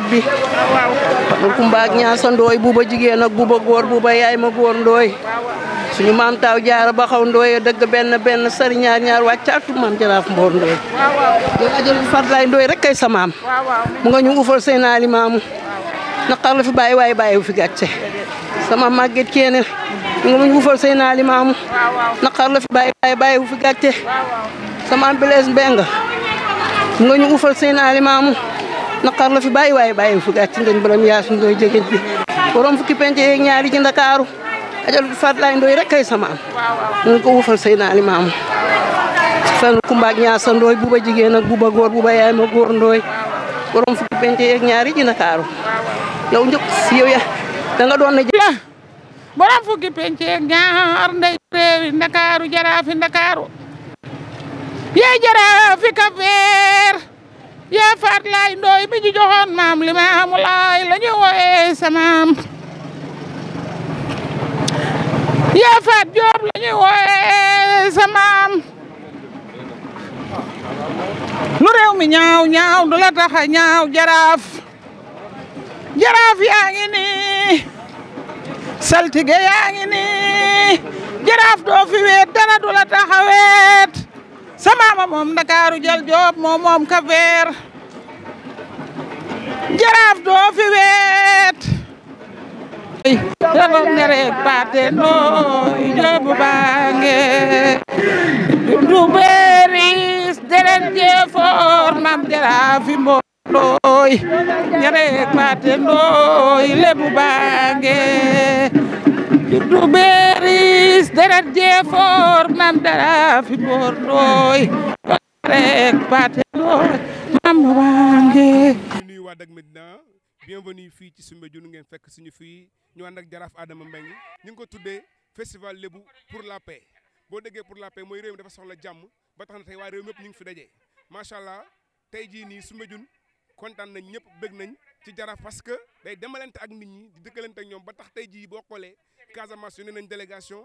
géej bi man Kumba ak Ñaasa Ndooy buuba jigéen ak buuba góor buuba yaay ma góor Ndooy suñu maam taaw jaara ba xaw Ndooy dëgg benn benn sari ñaar ñaar wàccaatu maam jaraaf mboor Ndooy yow ajal farlaay Ndooy rek kay sa maam mu nga ñu ufal seen naali maamu naqar la fi bàyyi waaye bàyyiwu fi gàcce sama màgget keene mu nga fi bàyyi waaye bàyyiwu fi mu nga ñu ufal seen naali maamu naqar la fi bàyyi waaye bàyyi fu gàcc ngañ borom yaasu ndooy jegéen bi borom fukki pente yeeg ñaari ci ndakaaru ajal fatlaay ndooy rek kay sama am ñu ko wufal sëy naa fan kumbaak ñaasa ndooy buba jigéen buba góor buba yaay ma góor ndooy borom fukki pente yeeg ñaari ci ndakaaru yow njëkk si yow doon na jaraafi ndakaaru yee jaraafi ka yaa faat laay ndooy mi ñu maam li maamu laay ñu wooyee sa maam yaa faat joob la ñu wooyee sa maam lu réew mi ñaaw ñaaw du la tax a ñaaw jaraaf jaraaf yaa ngi nii saltige yaa ngi nii jaraaf doo fi weet dara du la tax a weet sa maama moom ndakaaru jël moom moom ka veer jaraaf doo fi weet raba ngereeg paate nooy joobu baange du beeris deret jeefoor mam jaraafi mboolooy ngereeg paate nooy lebu baange du beeris gis deret jee foor mam dara fi boor tooy rek paate looy fii ci Soumbédioune ngeen fekk suñu fii ñu ànd ak jaraaf Adama Mbengue ñu ngi ko tuddee festival lébu pour la paix boo degee pour la paix mooy réew mi dafa soxla jàmm ba tax na tey waa réew mi ñu ngi fi dajee macha allah tey jii nii Soumbédioune kontaan nañ ñëpp bëgg nañ ci jaraaf parce que day demalante ak nit ñi di dëkkalante ak ñoom ba tax tey jii boo xoolee Casamance yónnee nañ délégation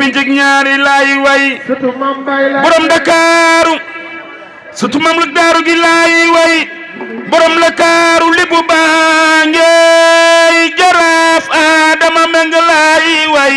pincik ñaari laayi way borom baa ngeey jaraaf Adama Mbengue laayi way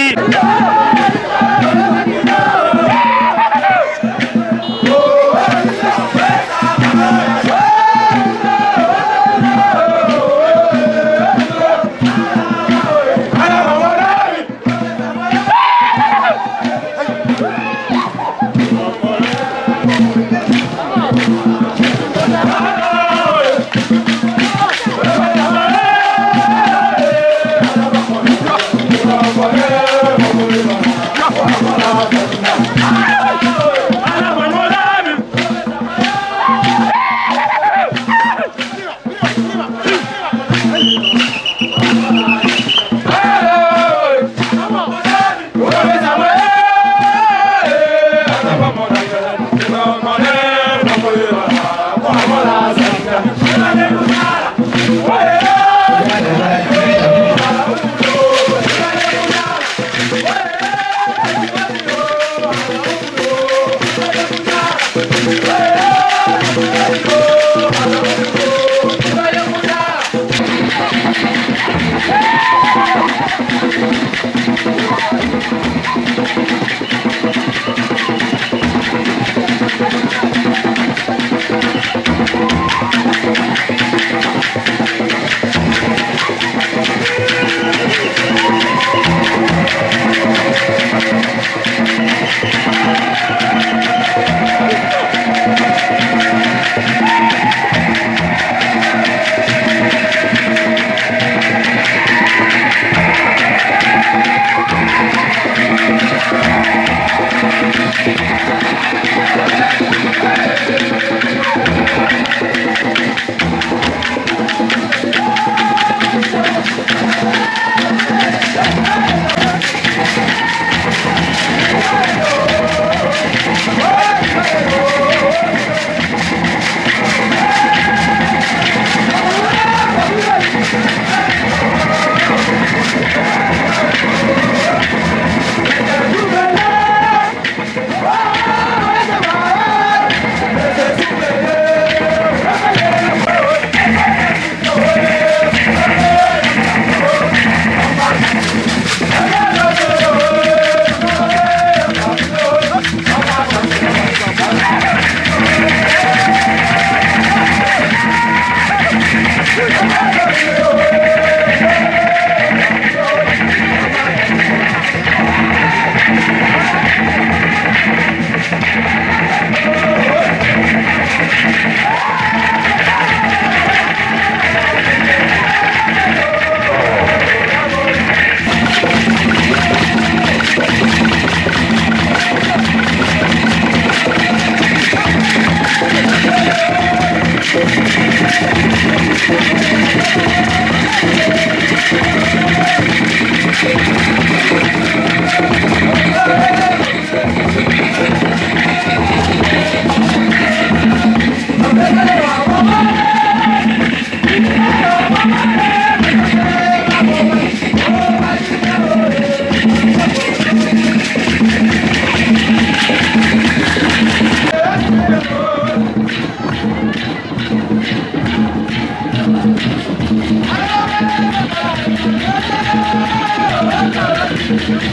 Thank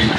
you.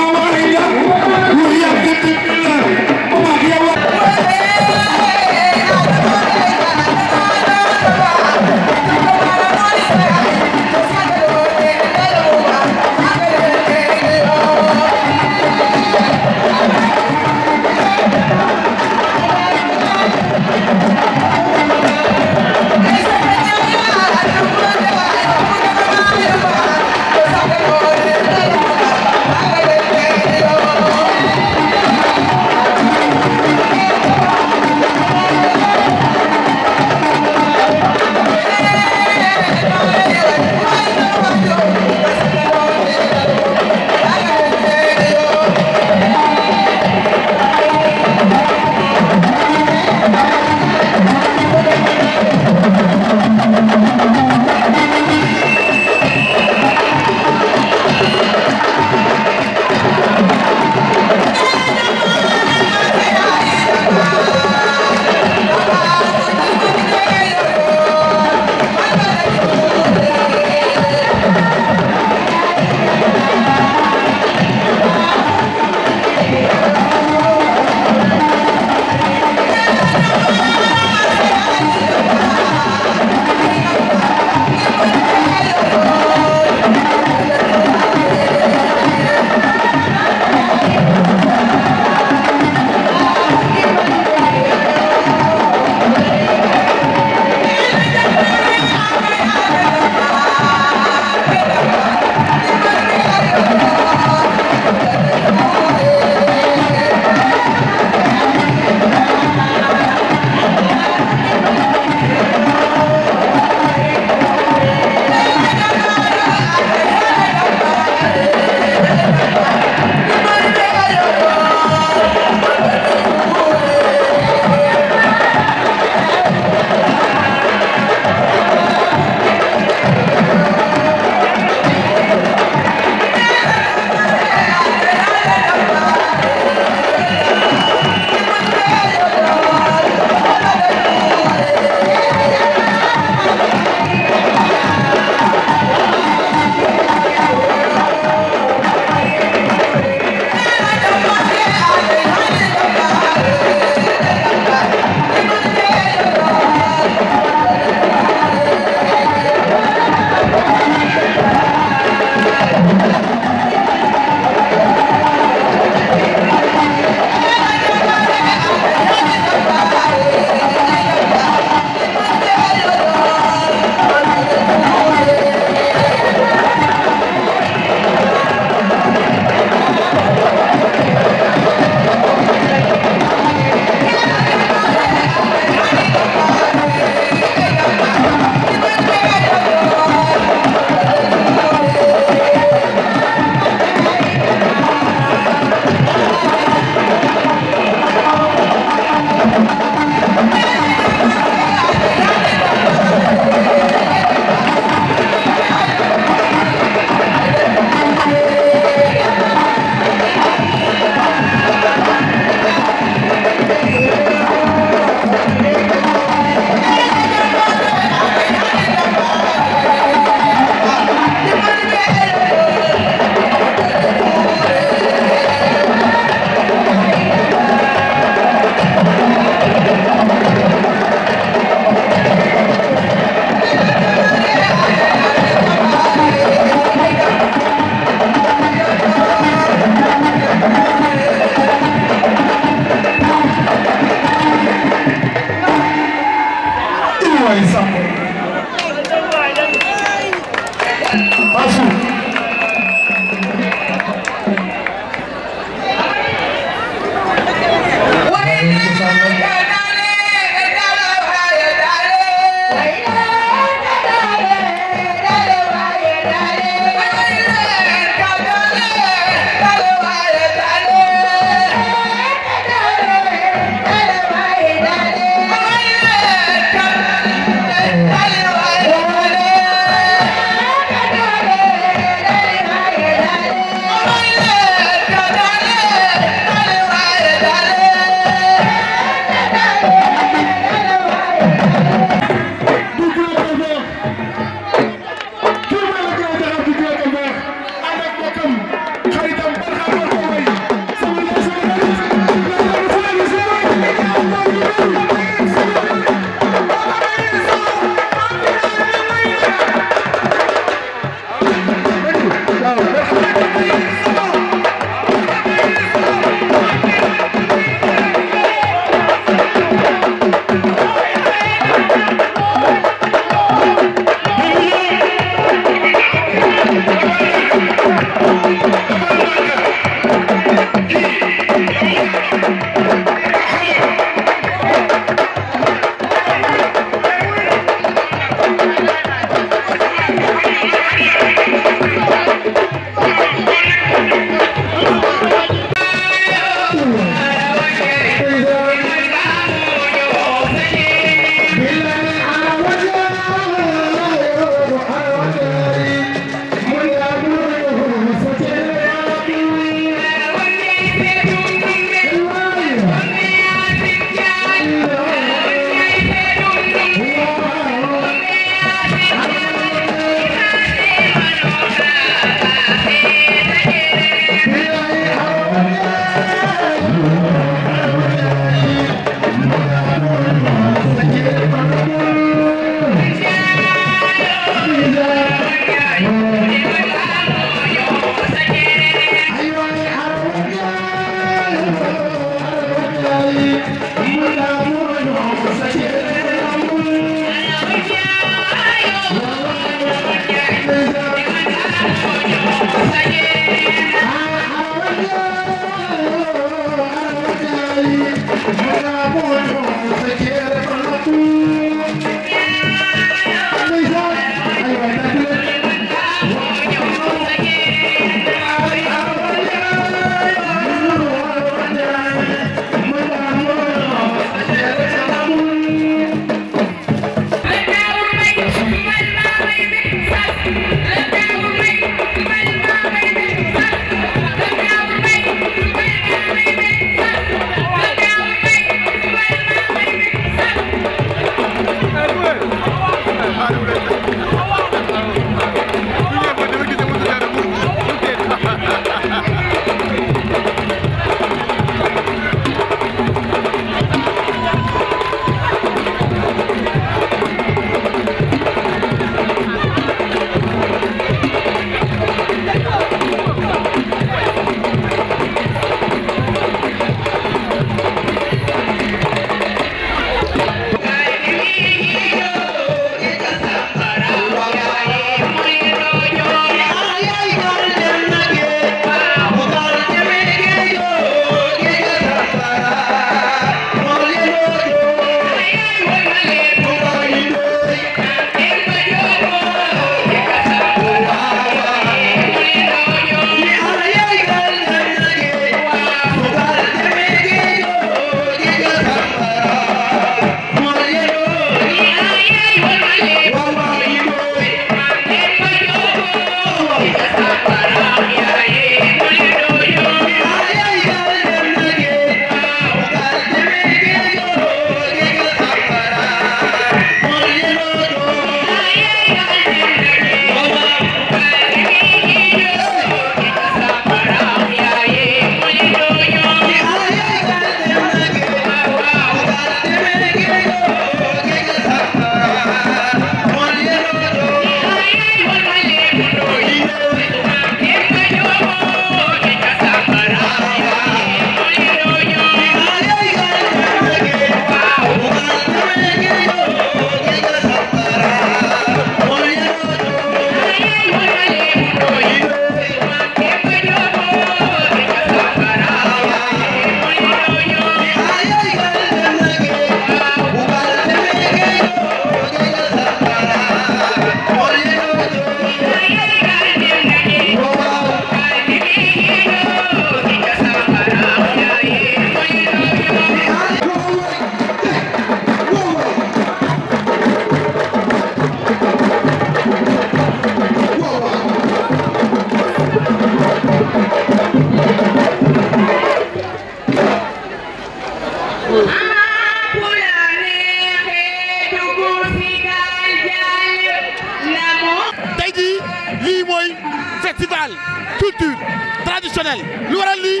traditionnel lu waral lii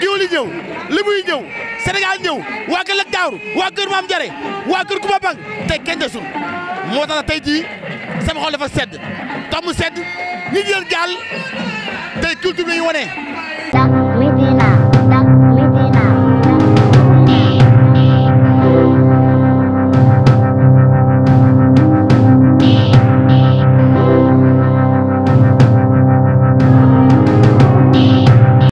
géwël yi ñëw li muy ñëw Sénégal ñëw waa kër Lat Diawar waa kër Maam Jare waa kër Kumba Bang tey kenn moo tax tey jii sama xol dafa sedd tax sedd ñi jël tey culture la wane